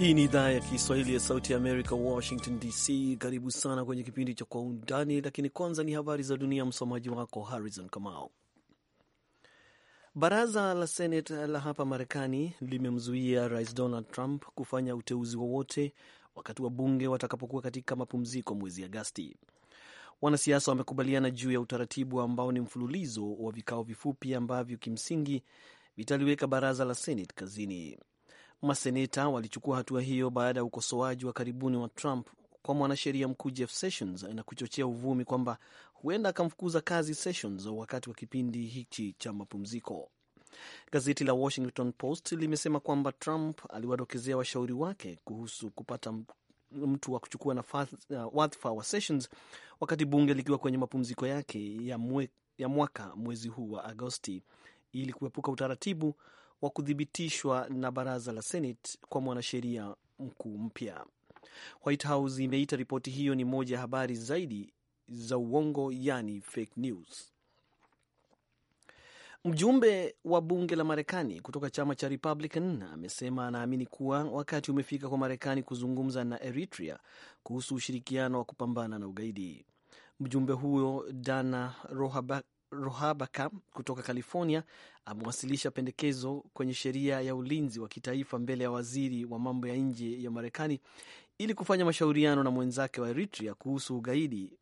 Hii ni idhaa ya Kiswahili ya Sauti ya Amerika, Washington DC. Karibu sana kwenye kipindi cha Kwa Undani, lakini kwanza ni habari za dunia. Msomaji wako Harrison Kamao. Baraza la senet la hapa Marekani limemzuia Rais Donald Trump kufanya uteuzi wowote wakati wa bunge watakapokuwa katika mapumziko mwezi Agasti. Wanasiasa wamekubaliana juu ya utaratibu ambao ni mfululizo wa vikao vifupi ambavyo kimsingi vitaliweka baraza la senate kazini. Maseneta walichukua hatua hiyo baada ya ukosoaji wa karibuni wa Trump kwa mwanasheria mkuu Jeff Sessions na kuchochea uvumi kwamba huenda akamfukuza kazi Sessions wakati wa kipindi hichi cha mapumziko. Gazeti la Washington Post limesema kwamba Trump aliwadokezea washauri wake kuhusu kupata mtu wa kuchukua nafasi uh, wadhifa wa Sessions wakati bunge likiwa kwenye mapumziko yake ya, mwe, ya mwaka mwezi huu wa Agosti ili kuepuka utaratibu wa kuthibitishwa na baraza la Senate kwa mwanasheria mkuu mpya. White House imeita ripoti hiyo ni moja ya habari zaidi za uongo, yani fake news. Mjumbe wa bunge la Marekani kutoka chama cha Republican amesema anaamini kuwa wakati umefika kwa Marekani kuzungumza na Eritrea kuhusu ushirikiano wa kupambana na ugaidi. Mjumbe huyo Dana rohabaka kutoka California amewasilisha pendekezo kwenye sheria ya ulinzi wa kitaifa mbele ya waziri wa mambo ya nje ya Marekani ili kufanya mashauriano na mwenzake wa Eritrea kuhusu ugaidi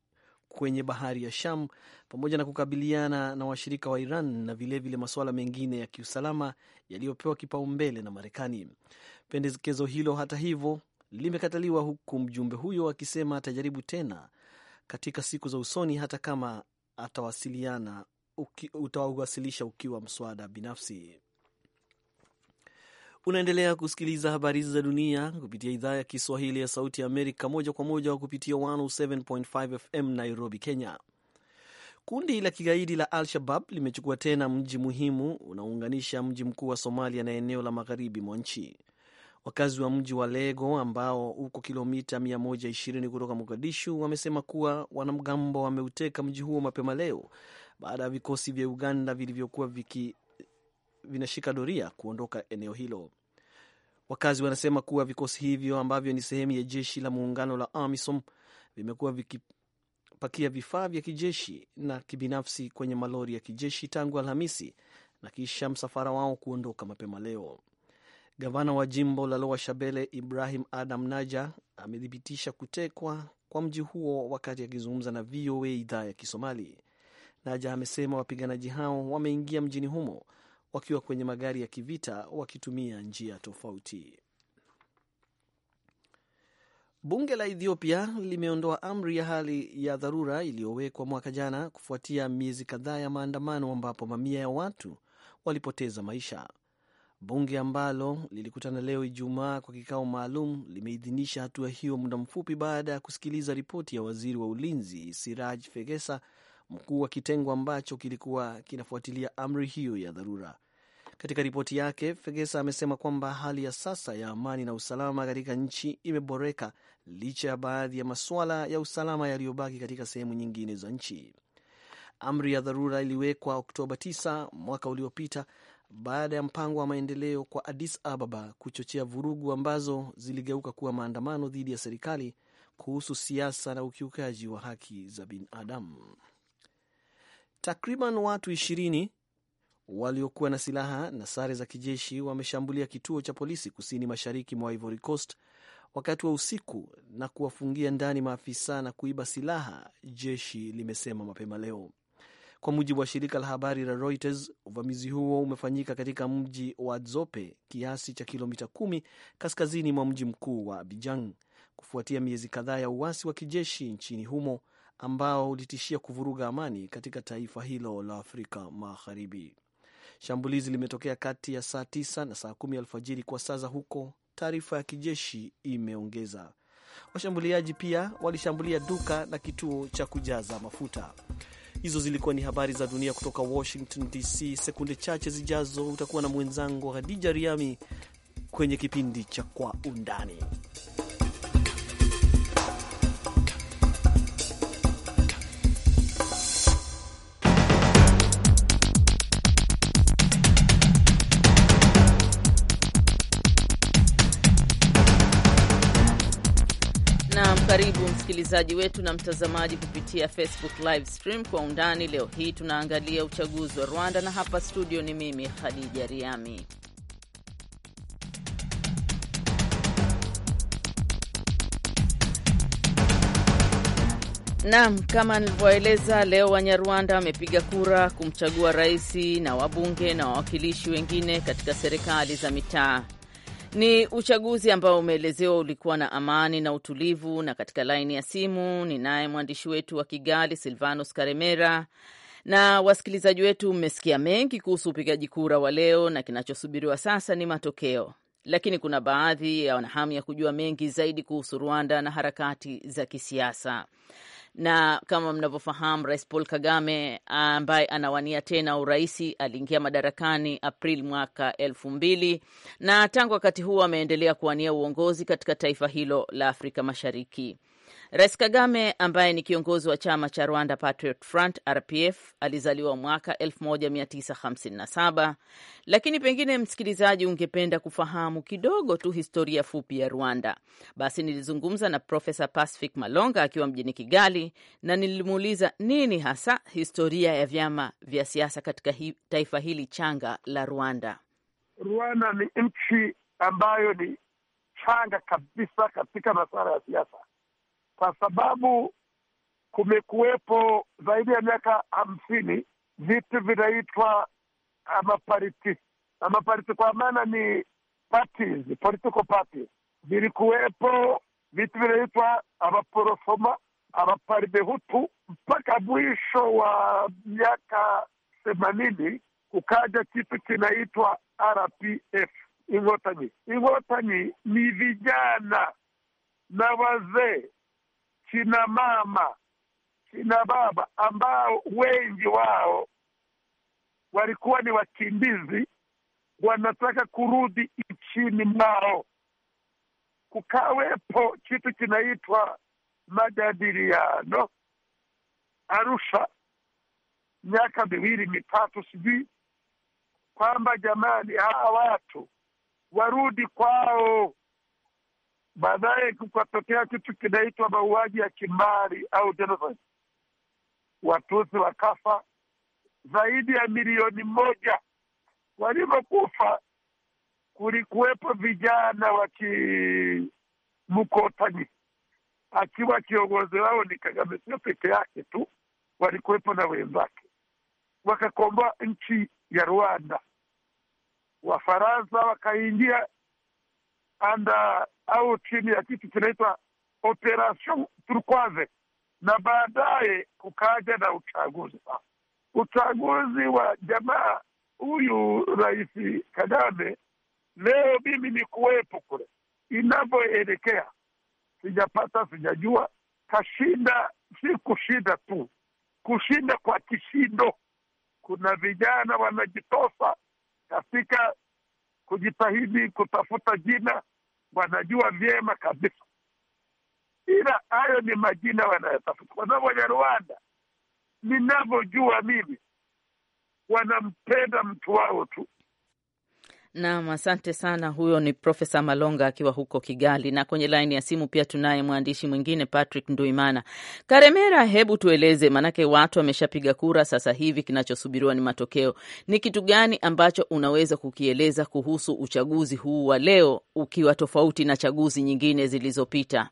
kwenye bahari ya Sham pamoja na kukabiliana na washirika wa Iran na vilevile masuala mengine ya kiusalama yaliyopewa kipaumbele na Marekani. Pendekezo hilo hata hivyo limekataliwa, huku mjumbe huyo akisema atajaribu tena katika siku za usoni hata kama atawasiliana uki, utawasilisha ukiwa mswada binafsi. Unaendelea kusikiliza habari hizi za dunia kupitia idhaa ya Kiswahili ya Sauti ya Amerika moja kwa moja kupitia 107.5 FM Nairobi, Kenya. Kundi la kigaidi la Al-Shabab limechukua tena mji muhimu unaounganisha mji mkuu wa Somalia na eneo la magharibi mwa nchi. Wakazi wa mji wa Lego ambao uko kilomita 120 kutoka Mogadishu wamesema kuwa wanamgambo wameuteka mji huo mapema leo baada ya vikosi vya Uganda vilivyokuwa viki vinashika doria kuondoka eneo hilo. Wakazi wanasema kuwa vikosi hivyo ambavyo ni sehemu ya jeshi la muungano la AMISOM vimekuwa vikipakia vifaa vya kijeshi na kibinafsi kwenye malori ya kijeshi tangu Alhamisi na kisha msafara wao kuondoka mapema leo. Gavana wa jimbo la lowa Shabele Ibrahim Adam Naja amethibitisha kutekwa kwa mji huo wakati akizungumza na VOA idhaa ya Kisomali. Naja amesema wapiganaji hao wameingia mjini humo wakiwa kwenye magari ya kivita wakitumia njia tofauti. Bunge la Ethiopia limeondoa amri ya hali ya dharura iliyowekwa mwaka jana kufuatia miezi kadhaa ya maandamano ambapo mamia ya watu walipoteza maisha. Bunge ambalo lilikutana leo Ijumaa kwa kikao maalum limeidhinisha hatua hiyo muda mfupi baada ya kusikiliza ripoti ya waziri wa ulinzi Siraj Fegesa, mkuu wa kitengo ambacho kilikuwa kinafuatilia amri hiyo ya dharura. Katika ripoti yake, Fegesa amesema kwamba hali ya sasa ya amani na usalama katika nchi imeboreka licha ya baadhi ya masuala ya usalama yaliyobaki katika sehemu nyingine za nchi. Amri ya dharura iliwekwa Oktoba 9 mwaka uliopita baada ya mpango wa maendeleo kwa Addis Ababa kuchochea vurugu ambazo ziligeuka kuwa maandamano dhidi ya serikali kuhusu siasa na ukiukaji wa haki za binadamu. Takriban watu ishirini waliokuwa na silaha na sare za kijeshi wameshambulia kituo cha polisi kusini mashariki mwa Ivory Coast wakati wa usiku na kuwafungia ndani maafisa na kuiba silaha, jeshi limesema mapema leo. Kwa mujibu wa shirika la habari la Reuters, uvamizi huo umefanyika katika mji wa Zope, kiasi cha kilomita kumi kaskazini mwa mji mkuu wa abijan kufuatia miezi kadhaa ya uasi wa kijeshi nchini humo ambao ulitishia kuvuruga amani katika taifa hilo la Afrika Magharibi. Shambulizi limetokea kati ya saa tisa na saa kumi alfajiri kwa saa za huko, taarifa ya kijeshi imeongeza. Washambuliaji pia walishambulia duka na kituo cha kujaza mafuta. Hizo zilikuwa ni habari za dunia kutoka Washington DC. Sekunde chache zijazo utakuwa na mwenzangu Hadija Riami kwenye kipindi cha Kwa Undani. Karibu msikilizaji wetu na mtazamaji kupitia Facebook live stream kwa undani. Leo hii tunaangalia uchaguzi wa Rwanda na hapa studio ni mimi Khadija Riami. Naam, kama nilivyoeleza, leo Wanyarwanda wamepiga kura kumchagua rais na wabunge na wawakilishi wengine katika serikali za mitaa. Ni uchaguzi ambao umeelezewa ulikuwa na amani na utulivu. Na katika laini ya simu ninaye mwandishi wetu wa Kigali, Silvanos Karemera. Na wasikilizaji wetu, mmesikia mengi kuhusu upigaji kura wa leo, na kinachosubiriwa sasa ni matokeo, lakini kuna baadhi ya wanahamu ya kujua mengi zaidi kuhusu Rwanda na harakati za kisiasa na kama mnavyofahamu, Rais Paul Kagame ambaye anawania tena uraisi aliingia madarakani Aprili mwaka elfu mbili na tangu wakati huo ameendelea kuwania uongozi katika taifa hilo la Afrika Mashariki. Rais Kagame ambaye ni kiongozi wa chama cha Rwanda Patriot Front RPF alizaliwa mwaka 1957 lakini pengine msikilizaji ungependa kufahamu kidogo tu historia fupi ya Rwanda. Basi nilizungumza na Profesa Pacific Malonga akiwa mjini Kigali na nilimuuliza nini hasa historia ya vyama vya siasa katika hi, taifa hili changa la Rwanda. Rwanda ni nchi ambayo ni changa kabisa katika masuala ya siasa kwa sababu kumekuwepo zaidi ya miaka hamsini vitu vinaitwa amapariti. Uh, amapariti kwa maana ni parties, political parties. Vilikuwepo vitu vinaitwa amaporofoma, amaparibehutu mpaka mwisho wa miaka themanini kukaja kitu kinaitwa RPF, Inkotanyi. Inkotanyi ni vijana na wazee kina mama, kina baba ambao wengi wao walikuwa ni wakimbizi, wanataka kurudi nchini mwao. Kukawepo kitu kinaitwa majadiliano Arusha miaka miwili mitatu, sijui kwamba jamani, hawa watu warudi kwao, Baadaye kukatokea kitu kinaitwa mauaji ya kimbari au genocide. Watusi wakafa zaidi ya milioni moja. Walivyokufa, kulikuwepo vijana wa Kimkotanyi, akiwa kiongozi wao ni Kagame, sio peke yake tu, walikuwepo na wenzake, wakakomboa nchi ya Rwanda. Wafaransa wakaingia anda au chini ya kitu kinaitwa operation turquoise, na baadaye kukaja na uchaguzi. Uchaguzi wa jamaa huyu Rais Kagame, leo mimi ni kuwepo kule inavyoelekea, sijapata sijajua, kashinda si kushinda tu, kushinda kwa kishindo. Kuna vijana wanajitosa katika kujitahidi kutafuta jina, wanajua vyema kabisa, ila hayo ni majina wanayotafuta, kwa sababu Wanyarwanda ninavyojua mimi wanampenda mtu wao tu, Naam, asante sana. Huyo ni Profesa Malonga akiwa huko Kigali, na kwenye laini ya simu pia tunaye mwandishi mwingine Patrick Nduimana. Karemera, hebu tueleze, maanake watu wameshapiga kura, sasa hivi kinachosubiriwa ni matokeo. Ni kitu gani ambacho unaweza kukieleza kuhusu uchaguzi huu wa leo ukiwa tofauti na chaguzi nyingine zilizopita?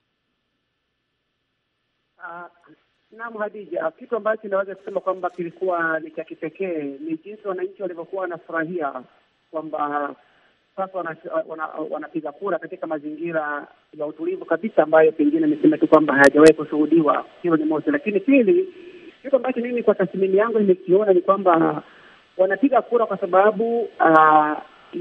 nam ah, naam Hadija, kitu ambacho inaweza kusema kwamba kilikuwa ni cha kipekee ni jinsi wananchi walivyokuwa wanafurahia kwamba sasa wanapiga kura katika mazingira ya utulivu kabisa, ambayo pengine niseme tu kwamba hayajawahi kushuhudiwa. Hilo ni moja, lakini pili, kitu ambacho mimi kwa tathmini yangu nimekiona ni kwamba wanapiga kura kwa sababu uh,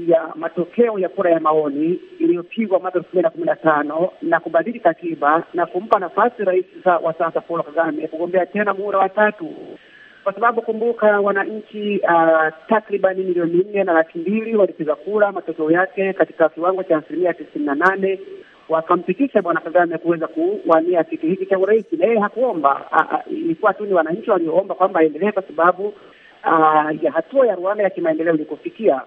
ya matokeo ya kura ya maoni iliyopigwa mwaka elfu mbili na kumi na tano na kubadili katiba na kumpa nafasi rais wa sasa Paul Kagame kugombea tena muhula wa tatu kwa sababu kumbuka, wananchi uh, takribani milioni nne na laki mbili walipiga kura, matokeo yake katika kiwango cha asilimia tisini na nane wakampitisha bwana Kagame kuweza kuwania kiti hiki cha urais, na yeye hakuomba. Ilikuwa tu ni wananchi walioomba kwamba aendelee, kwa sababu uh, ya hatua ya Rwanda ya kimaendeleo ilikofikia.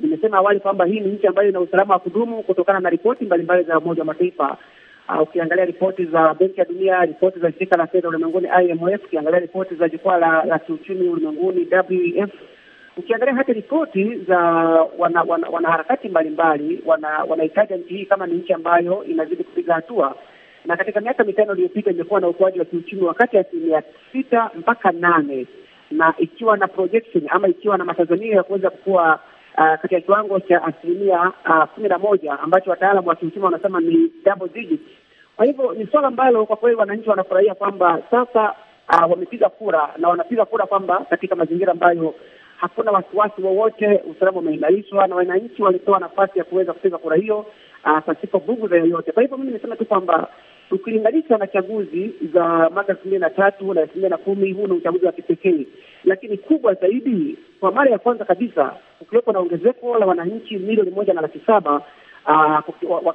Nimesema awali kwamba hii ni nchi ambayo ina usalama wa kudumu kutokana na ripoti mbalimbali za Umoja wa Mataifa. Ah, ukiangalia ripoti za Benki ya Dunia, ripoti za shirika la fedha ulimwenguni IMF, ukiangalia ripoti za jukwaa la, la kiuchumi ulimwenguni WEF, ukiangalia hata ripoti za wanaharakati wana, wana mbalimbali wanahitaja wana nchi hii kama ni nchi ambayo inazidi kupiga hatua, na katika miaka mitano iliyopita imekuwa na ukuaji wa kiuchumi wa kati ya asilimia sita mpaka nane na ikiwa na projection ama ikiwa na matazamio ya kuweza kukua uh, katika kiwango cha asilimia uh, kumi na moja ambacho wataalamu wa kiuchumi wanasema ni double digit. Kwa hivyo ni suala ambalo kwa kweli wananchi wanafurahia kwamba sasa uh, wamepiga kura na wanapiga kura kwamba katika mazingira ambayo hakuna wasiwasi wowote, usalama umeimarishwa na wananchi walipewa nafasi ya kuweza kupiga kura hiyo uh, pasipo bugu za yoyote. Kwa hivyo mimi nimesema tu kwamba Ukilinganisha na chaguzi za mwaka elfu mbili na tatu na elfu mbili na kumi huu ni uchaguzi wa kipekee, lakini kubwa zaidi, kwa mara ya kwanza kabisa kukiwepo na ongezeko la wananchi milioni moja na laki saba ah,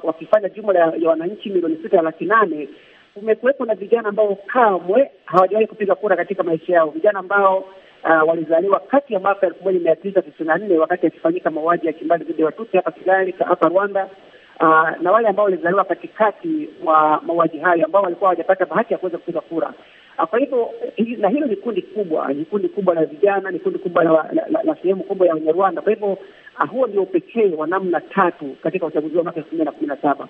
wakifanya jumla ya wananchi milioni sita na laki nane Kumekuwepo na vijana ambao kamwe hawajawahi kupiga kura katika maisha yao, vijana ambao uh, walizaliwa kati ya mwaka elfu moja mia tisa tisini na nne wakati akifanyika mauaji ya kimbali dhidi ya Watusi hapa Kigali hapa Rwanda Uh, na wale ambao walizaliwa katikati wa mauaji hayo ambao walikuwa hawajapata bahati ya kuweza kupiga kura. Ah, kwa hivyo na hilo ni kundi kubwa, ni kundi kubwa la vijana, ni kundi kubwa la sehemu kubwa ya Rwanda. Kwa hivyo ah, huo ndio upekee wa namna tatu katika uchaguzi wa mwaka elfu mbili na kumi na saba.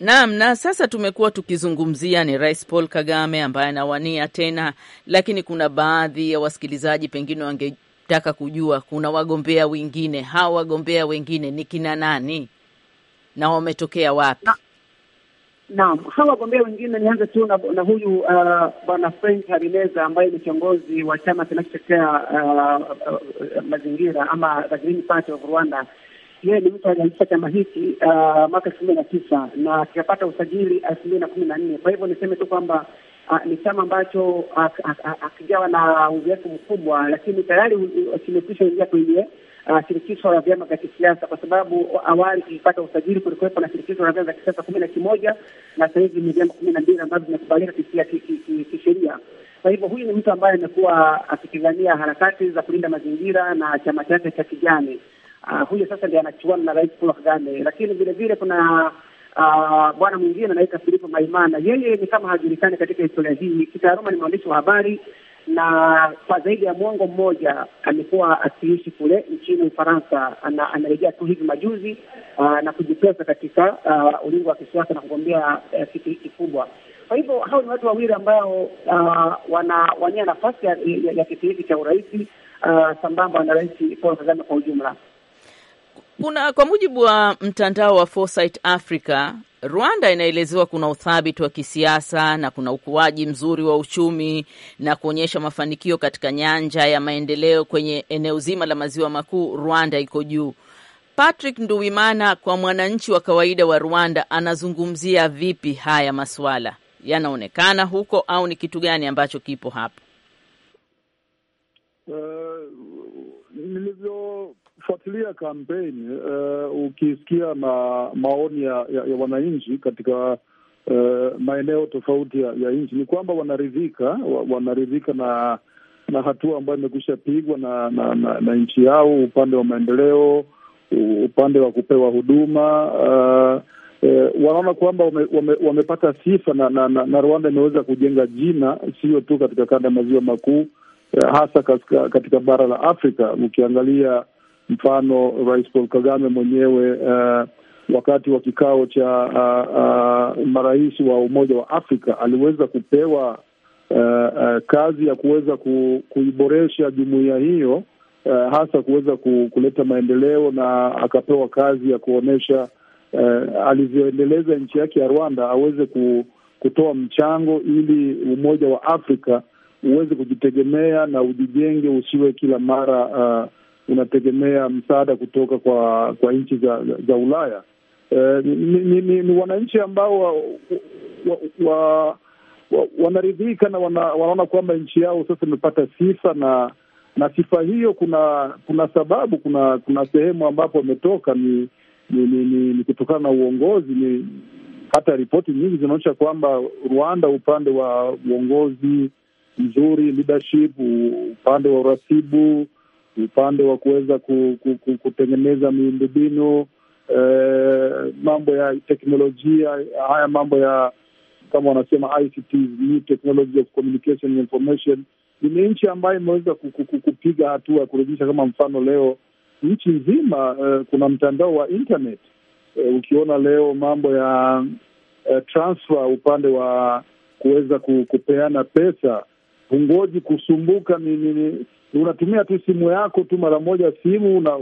naam. Na sasa tumekuwa tukizungumzia ni Rais Paul Kagame ambaye anawania tena, lakini kuna baadhi ya wasikilizaji pengine wangetaka kujua kuna wagombea wengine, hawa wagombea wengine ni kina nani? na wametokea wapi? Naam, hawa wagombea wengine, nianze tu na, na huyu uh, bwana Frank Habineza ambaye ni kiongozi wa chama kinachotetea uh, uh, mazingira ama the Green Party of Rwanda. Yeye ni mtu alianzisha chama hiki uh, mwaka elfu mbili na tisa na kikapata usajili elfu mbili na kumi na nne. Kwa hivyo niseme tu kwamba uh, ni chama ambacho uh, uh, uh na uzoefu mkubwa, lakini tayari kimekwisha ingia kwenye uh, shirikisho la vyama vya kisiasa, kwa sababu awali tulipata usajili, kulikuwepo na shirikisho la vyama vya kisiasa kumi na kimoja na sasa hivi ni vyama kumi na mbili ambavyo vinakubalika kisheria. Kwa hivyo huyu ni mtu ambaye amekuwa akipigania harakati za kulinda mazingira na chama chake cha kijani. Uh, ah, huyo sasa ndiye anachuana na Rais Paul Kagame, lakini vile vile kuna Uh, bwana mwingine anaitwa Filipo Maimana, yeye ni kama hajulikani katika historia hii. Kitaaluma ni mwandishi wa habari na kwa zaidi ya mwongo mmoja amekuwa akiishi kule nchini Ufaransa. Anarejea tu hivi majuzi aa, uh, na kujipesa katika uh, ulingo wa kisiasa na kugombea uh, kiti kikubwa. kubwa. Kwa hivyo hao ni watu wawili ambao wanawania nafasi ya, ya, ya kiti hiki cha urais sambamba na rais Paul Kagame kwa ujumla kuna kwa mujibu wa mtandao wa Foresight Africa, Rwanda inaelezewa kuna uthabiti wa kisiasa na kuna ukuaji mzuri wa uchumi na kuonyesha mafanikio katika nyanja ya maendeleo kwenye eneo zima la maziwa makuu. Rwanda iko juu. Patrick Nduwimana, kwa mwananchi wa kawaida wa Rwanda, anazungumzia vipi haya masuala yanaonekana huko, au ni kitu gani ambacho kipo hapo? Uh, nilivyo ukifuatilia kampeni uh, ukisikia ma, maoni ya, ya, ya wananchi katika uh, maeneo tofauti ya, ya nchi ni kwamba wanaridhika wa, wanaridhika na na hatua ambayo imekwisha pigwa na, na, na, na nchi yao upande wa maendeleo, upande wa kupewa huduma uh, eh, wanaona kwamba wame, wame, wamepata sifa na, na, na, na Rwanda imeweza kujenga jina sio tu katika kanda ya maziwa makuu eh, hasa katika, katika bara la Afrika ukiangalia Mfano, Rais Paul Kagame mwenyewe uh, wakati wa kikao cha uh, uh, marais wa Umoja wa Afrika aliweza kupewa uh, uh, kazi ya kuweza ku, kuiboresha jumuiya hiyo uh, hasa kuweza ku, kuleta maendeleo na akapewa kazi ya kuonyesha uh, alivyoendeleza nchi yake ya Rwanda aweze ku, kutoa mchango ili Umoja wa Afrika uweze kujitegemea na ujijenge, usiwe kila mara uh, unategemea msaada kutoka kwa kwa nchi za, za Ulaya. E, ni, ni, ni, ni wananchi ambao wa, wa, wa, wa, wanaridhika na wana, wanaona kwamba nchi yao sasa imepata sifa na na sifa hiyo, kuna kuna sababu, kuna kuna sehemu ambapo wametoka ni ni, ni, ni, ni kutokana na uongozi. Ni hata ripoti nyingi zinaonyesha kwamba Rwanda upande wa uongozi mzuri leadership, upande wa urasibu upande wa kuweza ku, ku, ku, kutengeneza miundombinu e, mambo ya teknolojia, haya mambo ya kama wanasema ICT, new technology of communication and information. Ni nchi ambayo imeweza kupiga hatua ya kurejesha, kama mfano leo nchi nzima uh, kuna mtandao wa internet uh, ukiona leo mambo ya uh, transfer upande wa kuweza kupeana pesa, hungoji kusumbuka ni, ni, ni unatumia tu simu yako tu mara moja simu na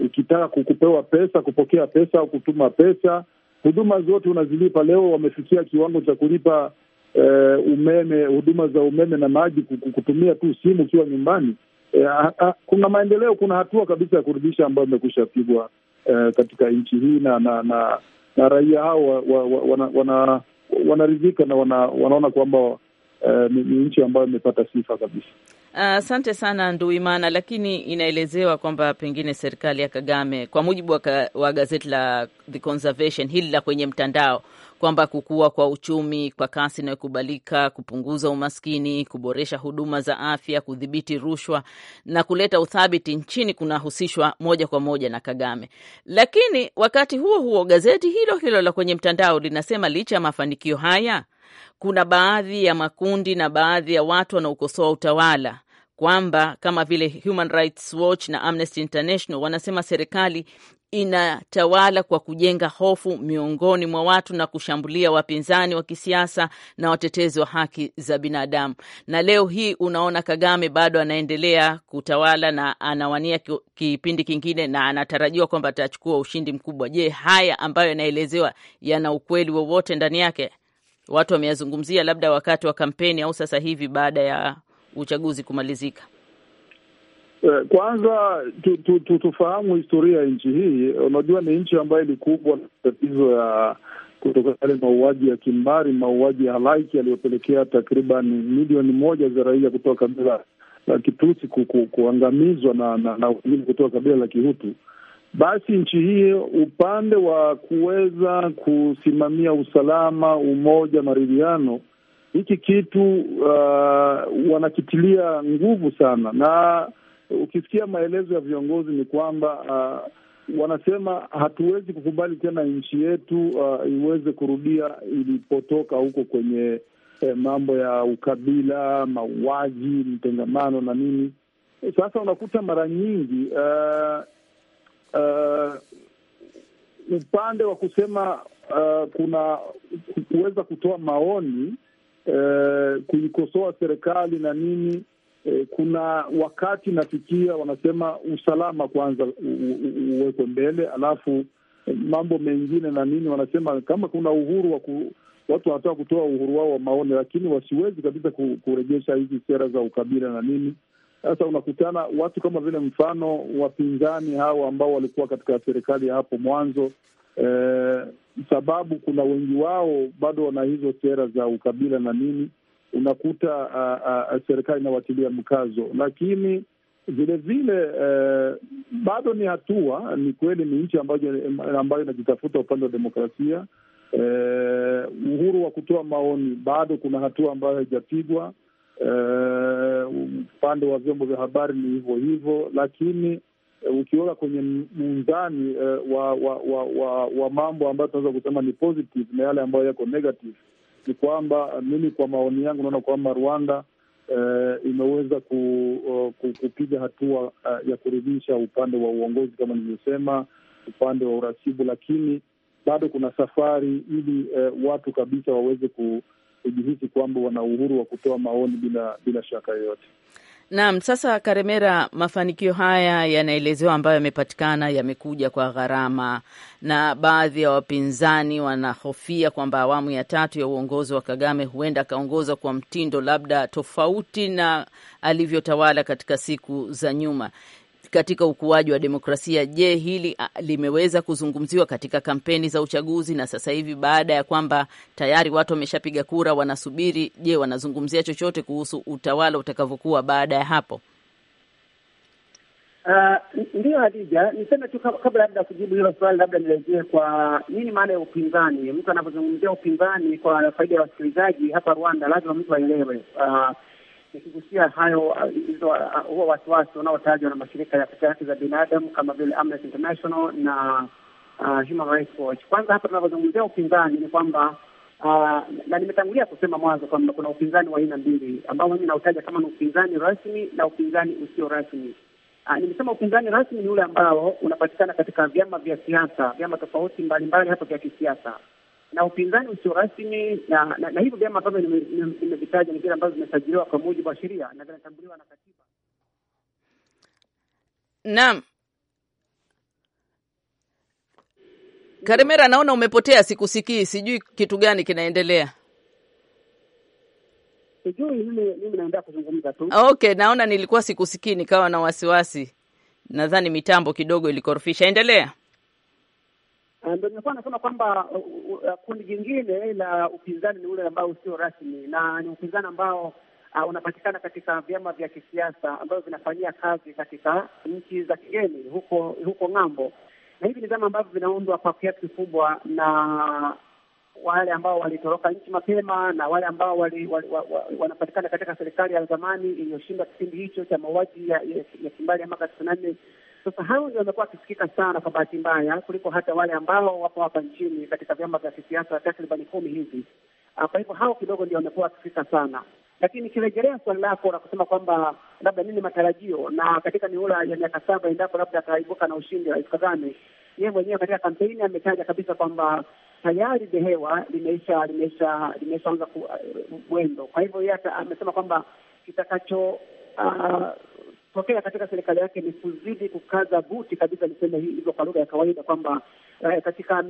ukitaka kupewa pesa, kupokea pesa au kutuma pesa, huduma zote unazilipa. Leo wamefikia kiwango cha kulipa eh, umeme, huduma za umeme na maji kutumia tu simu ukiwa nyumbani. Eh, ha, kuna maendeleo, kuna hatua kabisa ya kurudisha ambayo imekwisha pigwa eh, katika nchi hii na na, na, na raia hao wanaridhika wana, wana, wana na wana, wanaona kwamba eh, ni nchi ambayo imepata sifa kabisa. Ah, asante uh, sana Nduimana, lakini inaelezewa kwamba pengine serikali ya Kagame kwa mujibu wa, ka, wa gazeti la The Conservation hili la kwenye mtandao kwamba kukua kwa uchumi kwa kasi inayokubalika, kupunguza umaskini, kuboresha huduma za afya, kudhibiti rushwa na kuleta uthabiti nchini kunahusishwa moja kwa moja na Kagame. Lakini wakati huo huo, gazeti hilo hilo la kwenye mtandao linasema licha ya mafanikio haya, kuna baadhi ya makundi na baadhi ya watu wanaokosoa utawala kwamba kama vile Human Rights Watch na Amnesty International wanasema serikali inatawala kwa kujenga hofu miongoni mwa watu na kushambulia wapinzani wa kisiasa na watetezi wa haki za binadamu. Na leo hii unaona Kagame bado anaendelea kutawala na anawania kipindi kingine, na anatarajiwa kwamba atachukua ushindi mkubwa. Je, haya ambayo yanaelezewa yana ukweli wowote ndani yake? Watu wameyazungumzia labda wakati wa kampeni au sasa hivi baada ya uchaguzi kumalizika? Eh, kwanza tu, tu, tu, tufahamu historia ya nchi hii. Unajua, ni nchi ambayo ilikumbwa na matatizo ya kutokana yale mauaji ya kimbari, mauaji ya halaiki yaliyopelekea takriban milioni moja za raia kutoka kabila la kitusi ku, ku, kuangamizwa na, na, na wengine kutoka kabila la Kihutu. Basi nchi hii upande wa kuweza kusimamia usalama, umoja, maridhiano hiki kitu uh, wanakitilia nguvu sana, na ukisikia maelezo ya viongozi ni kwamba uh, wanasema hatuwezi kukubali tena nchi yetu uh, iweze kurudia ilipotoka huko kwenye eh, mambo ya ukabila, mauaji, mtengamano na nini. Sasa unakuta mara nyingi uh, uh, upande wa kusema uh, kuna kuweza kutoa maoni eh, kuikosoa serikali na nini eh, kuna wakati nafikia wanasema usalama kwanza uwekwe mbele, alafu eh, mambo mengine na nini. Wanasema kama kuna uhuru wa ku, watu wanataka kutoa uhuru wao wa maoni, lakini wasiwezi kabisa kurejesha hizi sera za ukabila na nini. Sasa unakutana watu kama vile mfano wapinzani hao ambao walikuwa katika serikali ya hapo mwanzo eh, sababu kuna wengi wao bado wana hizo sera za ukabila na nini, unakuta serikali inawatilia mkazo, lakini vilevile uh, e, bado ni hatua. Ni kweli ni nchi ambayo inajitafuta upande wa demokrasia uh, uhuru wa kutoa maoni, bado kuna hatua ambayo haijapigwa. E, upande uh, wa vyombo vya habari ni hivyo hivyo, lakini Eh, ukiona kwenye muunzani uh, eh, wa, wa, wa, wa, wa mambo ambayo tunaweza kusema ni positive na yale ambayo yako negative, ni kwamba eh, mimi kwa maoni yangu naona kwamba Rwanda uh, imeweza ku, uh, kupiga hatua uh, ya kuridhisha upande wa uongozi kama nilivyosema, upande wa urasibu, lakini bado kuna safari ili uh, watu kabisa waweze kujihisi kwamba wana uhuru wa kutoa maoni bila bila shaka yoyote. Naam, sasa Karemera, mafanikio haya yanaelezewa ambayo yamepatikana yamekuja kwa gharama, na baadhi ya wapinzani wanahofia kwamba awamu ya tatu ya uongozi wa Kagame huenda akaongoza kwa mtindo labda tofauti na alivyotawala katika siku za nyuma katika ukuaji wa demokrasia. Je, hili limeweza kuzungumziwa katika kampeni za uchaguzi na sasa hivi baada ya kwamba tayari watu wameshapiga kura wanasubiri? Je, wanazungumzia chochote kuhusu utawala utakavyokuwa baada ya hapo? Uh, ndiyo Hadija, niseme tu kabla labda kujibu hilo swali, labda nirejee kwa nini maana ya upinzani. Mtu anapozungumzia upinzani kwa faida ya wasikilizaji hapa Rwanda, lazima mtu aelewe uh, Nikigusia hayo uh, hizo uh, huo wasiwasi unaotajwa na mashirika ya kutetea haki za binadamu kama vile Amnesty International na uh, Human Rights Watch. Kwanza hapa tunavyozungumzia upinzani ni kwamba uh, na nimetangulia kusema mwanzo kwamba kuna upinzani wa aina mbili ambao mimi nautaja kama ni upinzani rasmi na upinzani usio rasmi. Uh, nimesema upinzani rasmi ni ule ambao unapatikana katika vyama vya siasa, vyama tofauti mbalimbali hapa vya kisiasa na upinzani usio rasmi na, na, na hivyo vyama ambavyo nimevitaja ni vile ambavyo vimesajiliwa kwa mujibu wa sheria na vinatambuliwa na katiba. Naam. Karemera, naona umepotea, sikusikii, sijui kitu gani kinaendelea. Sijui mimi kuzungumza tu. Ah, okay, naona nilikuwa sikusikii, nikawa na wasiwasi. Nadhani mitambo kidogo ilikorofisha. Endelea. Eh, Ndo nimekuwa nasema kwamba uh, uh, uh, kundi jingine la upinzani ni ule ambao usio rasmi na ni upinzani ambao Uh, unapatikana katika vyama vya kisiasa ambavyo vinafanyia kazi katika nchi za kigeni huko huko ng'ambo, na hivi ni vyama ambavyo vinaundwa kwa kiasi kikubwa na wale ambao walitoroka nchi mapema na wale ambao wali, wali, wali, wali, wanapatikana katika serikali ya zamani iliyoshindwa kipindi hicho cha mauaji ya kimbali ya, ya mwaka tisini na nne sasa hao ndio wamekuwa wakisikika sana kwa bahati mbaya kuliko hata wale ambao wapo hapa nchini katika vyama vya kisiasa takriban kumi hivi. Ah, kwa hivyo hao kidogo ndio wamekuwa wakisikika sana, lakini kirejelea swali lako la kusema kwamba labda nini matarajio na katika miula ya miaka saba, endapo labda ataibuka na ushindi Rais Kagame, yeye mwenyewe katika kampeni ametaja kabisa kwamba tayari behewa limeisha limeisha limeshaanza eh, mwendo. Kwa hivyo yeye amesema kwamba kitakacho uh, kutokea katika serikali yake ni kuzidi kukaza buti kabisa, niseme hivyo kwa lugha ya kawaida kwamba uh, katika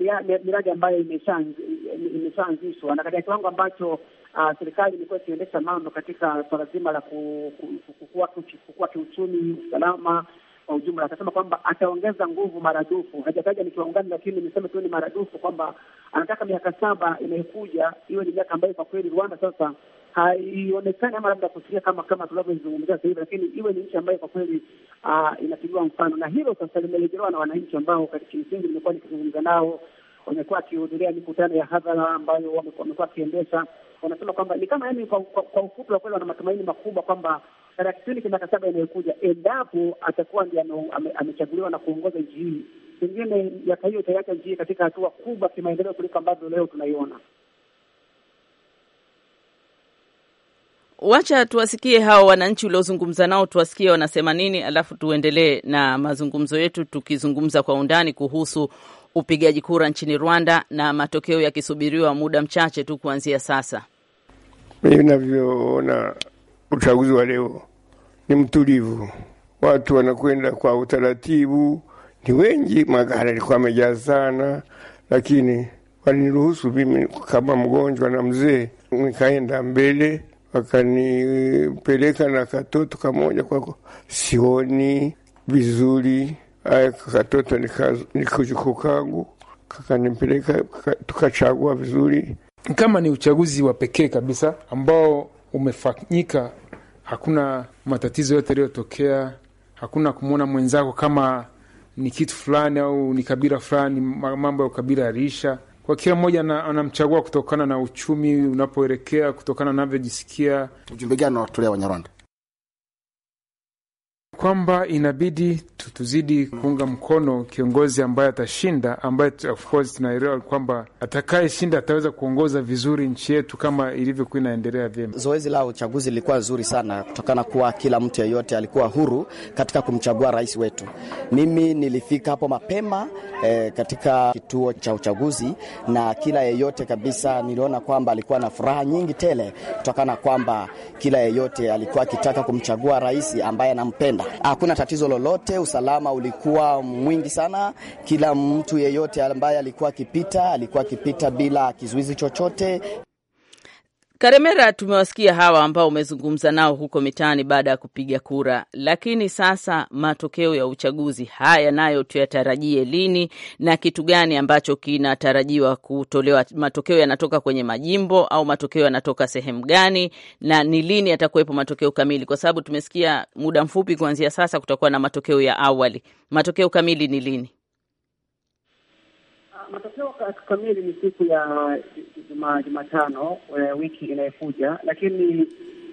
miradi ambayo imeshaanzishwa na katika kiwango ambacho uh, serikali imekuwa ikiendesha mambo katika swala zima la kukua kiuchumi, usalama kwa ujumla. Akasema kwamba ataongeza nguvu maradufu, hajataja ni kiwango gani, lakini niseme tu ni maradufu, kwamba anataka miaka saba inayokuja iwe ni miaka ambayo kwa kweli Rwanda sasa haionekani ama labda kufikia kama kama tunavyozungumzia sasa hivi, lakini iwe ni nchi ambayo kwa kweli ah, inapigiwa mfano, na hilo sasa limerejelewa na wananchi ambao kimsingi nimekuwa nikizungumza nao, wamekuwa wakihudhuria mikutano ya hadhara ambayo wamekuwa wakiendesha, wanasema kwamba ni kama yani, kwa ufupi wa kweli, wana matumaini makubwa kwamba tarehe kipindi miaka saba inayokuja, endapo atakuwa ndio amechaguliwa na kuongoza nchi hii, pengine miaka hiyo itaiacha nchi hii katika hatua kubwa kimaendeleo kuliko ambavyo leo tunaiona. Wacha tuwasikie hao wananchi uliozungumza nao, tuwasikie wanasema nini, alafu tuendelee na mazungumzo yetu, tukizungumza kwa undani kuhusu upigaji kura nchini Rwanda na matokeo yakisubiriwa muda mchache tu kuanzia sasa. Mimi navyoona uchaguzi wa leo ni mtulivu, watu wanakwenda kwa utaratibu, ni wengi, magari alikuwa sana lakini waliniruhusu mimi kama mgonjwa na mzee nikaenda mbele akanipeleka na katoto kamoja kwako, sioni vizuri aya, katoto ni kangu, kakanipeleka tukachagua vizuri. Kama ni uchaguzi wa pekee kabisa ambao umefanyika, hakuna matatizo yote yaliyotokea, hakuna kumwona mwenzako kama ni kitu fulani au ni kabila fulani, mambo ya ukabila yaliisha kwa kila mmoja anamchagua kutokana na uchumi unapoelekea, kutokana anavyojisikia. Ujumbe gani unawatolea Wanyarwanda? kwamba inabidi tuzidi kuunga mkono kiongozi ambaye atashinda, ambaye of course tunaelewa kwamba atakayeshinda ataweza kuongoza vizuri nchi yetu kama ilivyokuwa inaendelea vyema. Zoezi la uchaguzi lilikuwa zuri sana, kutokana kuwa kila mtu yeyote alikuwa huru katika kumchagua rais wetu. Mimi nilifika hapo mapema e, katika kituo cha uchaguzi na kila yeyote kabisa niliona kwamba alikuwa na furaha nyingi tele, kutokana kwamba kila yeyote alikuwa akitaka kumchagua rais ambaye anampenda hakuna tatizo lolote. Usalama ulikuwa mwingi sana, kila mtu yeyote ambaye alikuwa akipita alikuwa akipita bila kizuizi chochote. Karemera, tumewasikia hawa ambao umezungumza nao huko mitaani baada ya kupiga kura, lakini sasa matokeo ya uchaguzi haya nayo tuyatarajie lini na kitu gani ambacho kinatarajiwa kutolewa? Matokeo yanatoka kwenye majimbo au matokeo yanatoka sehemu gani, na ni lini yatakuwepo matokeo kamili? Kwa sababu tumesikia muda mfupi kuanzia sasa kutakuwa na matokeo ya awali. Matokeo kamili ni lini? matokeo kamili ni siku ya Jumatano eh, wiki inayokuja, lakini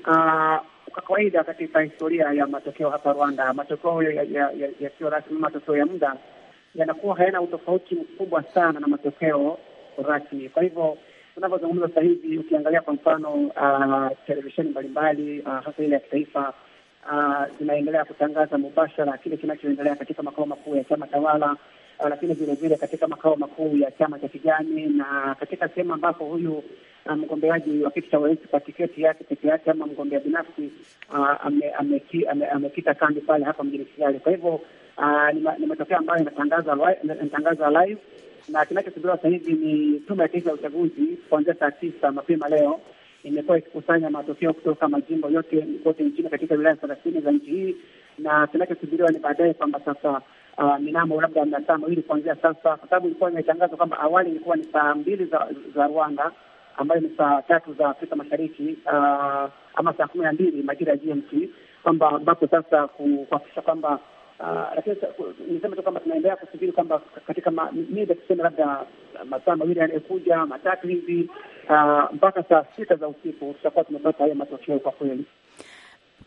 ah, kwa kawaida katika historia ya matokeo hapa Rwanda, matokeo yasiyo rasmi, matokeo ya muda yanakuwa hayana utofauti mkubwa sana na matokeo rasmi. Kwa hivyo tunavyozungumza sasa hivi, ukiangalia kwa mfano ah, televisheni mbalimbali, ah, hasa ile ya kitaifa zinaendelea kutangaza mubashara kile kinachoendelea katika makao makuu ya chama tawala Uh, lakini vilevile katika makao makuu ya chama cha kijani na katika sehemu ambapo huyu uh, mgombeaji wa kiti cha urais kwa tiketi yake peke yake ama mgombea binafsi uh, amekita kambi pale hapa mjini Kigali. Kwa hivyo ni matokeo ambayo inatangaza live na kinachosubiriwa sasa hivi ni Tume ya Taifa ya Uchaguzi kuanzia saa tisa mapema leo imekuwa ikikusanya matokeo kutoka majimbo yote kote nchini katika wilaya thelathini za nchi hii, na kinachosubiriwa ni baadaye kwamba sasa Uh, minamo labda tano mawili kuanzia sasa, kwa sababu ilikuwa imetangazwa kwamba awali ilikuwa ni saa mbili za, za Rwanda ambayo ni saa tatu za Afrika Mashariki uh, ama saa kumi na mbili majira ya GMT kwamba ambapo sasa kuhakikisha kwamba uh, lakini niseme tu kwamba tunaendelea kusubiri kwamba katika mida tuseme labda masaa mawili yanayokuja matatu hivi uh, mpaka saa sita za usiku tutakuwa tumepata hayo matokeo kwa kweli.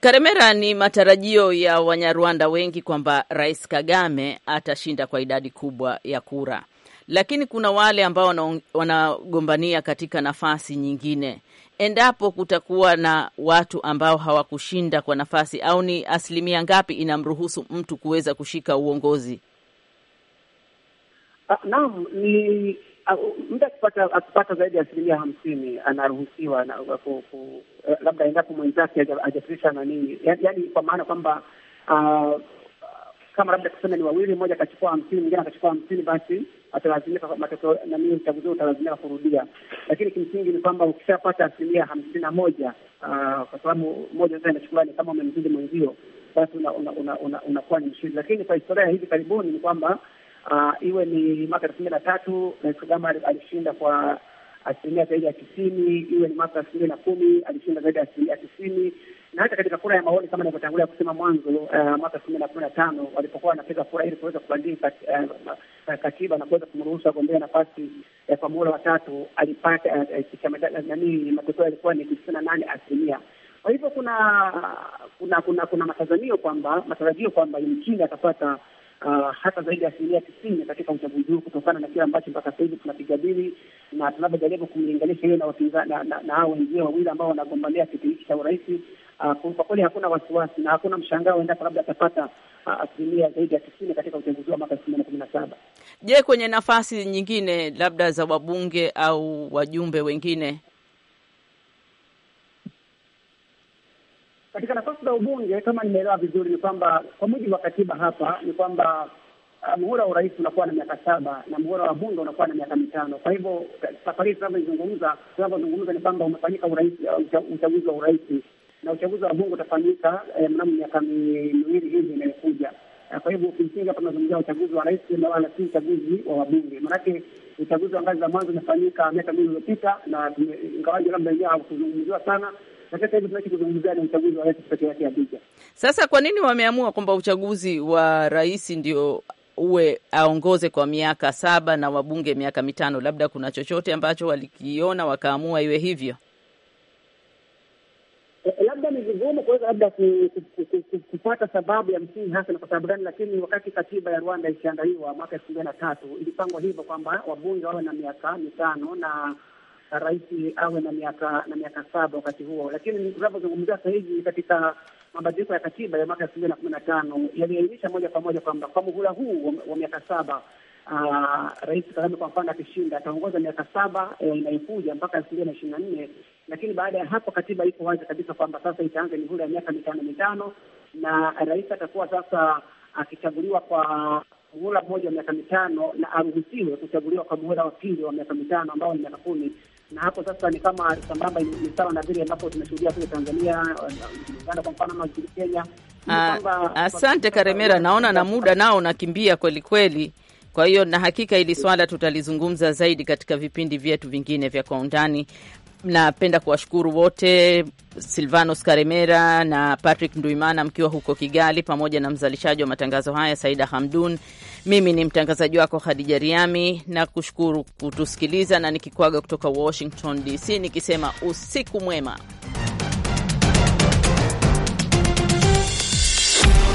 Karemera, ni matarajio ya Wanyarwanda wengi kwamba Rais Kagame atashinda kwa idadi kubwa ya kura, lakini kuna wale ambao wanagombania katika nafasi nyingine. Endapo kutakuwa na watu ambao hawakushinda kwa nafasi, au ni asilimia ngapi inamruhusu mtu kuweza kushika uongozi? Ah, naam, ni Ah, mtu akipata zaidi ya asilimia hamsini anaruhusiwa na, ku, ku, eh, labda endapo mwenzake na nini yaani kwa maana kwamba uh, kama labda kusema ni wawili, mmoja akachukua hamsini mwingine akachukua hamsini, basi atalazimika matokeo nanii, uchaguzi utalazimika kurudia. Lakini kimsingi ni kwamba ukishapata asilimia hamsini na moja uh, kwa sababu moja sasa ni kama umemzidi mwenzio, basi unakuwa una, una, una, una ni mshindi. Lakini kwa historia ya hivi karibuni ni kwamba uh, iwe ni mwaka elfu mbili na tatu Rais alishinda kwa asilimia zaidi ya tisini, iwe ni mwaka elfu mbili na kumi alishinda zaidi ya asilimia tisini, na hata katika kura ya maoni kama nilivyotangulia kusema mwanzo, uh, mwaka elfu mbili na kumi na tano walipokuwa wanapiga kura ili kuweza kubadili uh, uh, katiba na kuweza kumruhusu agombea nafasi kwa muhula watatu, alipata nanii, matokeo yalikuwa ni tisini na nane asilimia. Kwa hivyo kuna kuna kuna matazamio kwamba matarajio kwamba nchini atapata uh, hata zaidi ya asilimia tisini katika uchaguzi huu, kutokana na kile ambacho mpaka sasa hivi tunakijadili na tunavyojaribu kumlinganisha hiyo na wapinzani na hao wenzie wawili ambao wanagombania kiti hiki cha urais. Uh, kwa kweli hakuna wasiwasi na hakuna mshangao endapo labda atapata uh, asilimia zaidi ya tisini katika uchaguzi wa mwaka elfu mbili na kumi na saba. Je, kwenye nafasi nyingine labda za wabunge au wajumbe wengine katika nafasi za ubunge, kama nimeelewa vizuri, ni kwamba kwa mujibu wa katiba hapa ni kwamba uh, muhula wa urais unakuwa na miaka saba na muhula wa bunge unakuwa na miaka mitano. Kwa hivyo safari hii tunavyozungumza tunavyozungumza ni kwamba umefanyika uh, uchaguzi wa urais na uchaguzi wa bunge utafanyika eh, mnamo miaka miwili hivi inayokuja. Uh, kwa hivyo kimsingi hapa tunazungumzia uchaguzi wa rais na wala si uchaguzi wa wabunge, maanake uchaguzi wa ngazi za mwanzo umefanyika miaka miwili iliyopita, na ingawaje labda enyewe hakuzungumziwa sana na sasa hivi kuzungumzia ni uchaguzi wa rais peke yake ya Sasa kwa nini wameamua kwamba uchaguzi wa rais ndio uwe aongoze kwa miaka saba na wabunge miaka mitano? Labda kuna chochote ambacho walikiona wakaamua iwe hivyo. Eh, labda ni vigumu kuweza labda kupata sababu ya msingi hasa na kwa sababu gani, lakini wakati katiba ya Rwanda ikiandaliwa mwaka elfu mbili na tatu ilipangwa hivyo kwamba wabunge wawe na miaka mitano na rais awe na miaka na miaka saba wakati huo, lakini unavyozungumzia sasa hivi katika mabadiliko ya katiba ya mwaka elfu mbili na kumi na tano yaliainisha moja kwa moja kwamba kwa muhula huu wa miaka saba ah, Rais Kagame kwa mfano akishinda ataongoza miaka saba inayokuja eh, mpaka elfu mbili na ishirini na nne lakini baada ya hapo katiba iko wazi kabisa kwamba sasa itaanza mihula ya miaka mitano mitano, na rais atakuwa sasa akichaguliwa kwa muhula mmoja wa miaka mitano na aruhusiwe kuchaguliwa kwa muhula wa pili wa miaka mitano ambao ni miaka kumi na hapo sasa ni kama sambamba ni sawa na vile ambapo tumeshuhudia kule Tanzania, uh, Uganda kwa mfano ama nchini Kenya. Ah, asante Karemera, naona na muda nao unakimbia kweli kweli. Kwa hiyo na hakika hili swala tutalizungumza zaidi katika vipindi vyetu vingine vya kwa undani. Napenda kuwashukuru wote Silvanos Karemera na Patrick Nduimana mkiwa huko Kigali, pamoja na mzalishaji wa matangazo haya Saida Hamdun. Mimi ni mtangazaji wako Khadija Riami na kushukuru kutusikiliza, na nikikwaga kutoka Washington DC nikisema usiku mwema.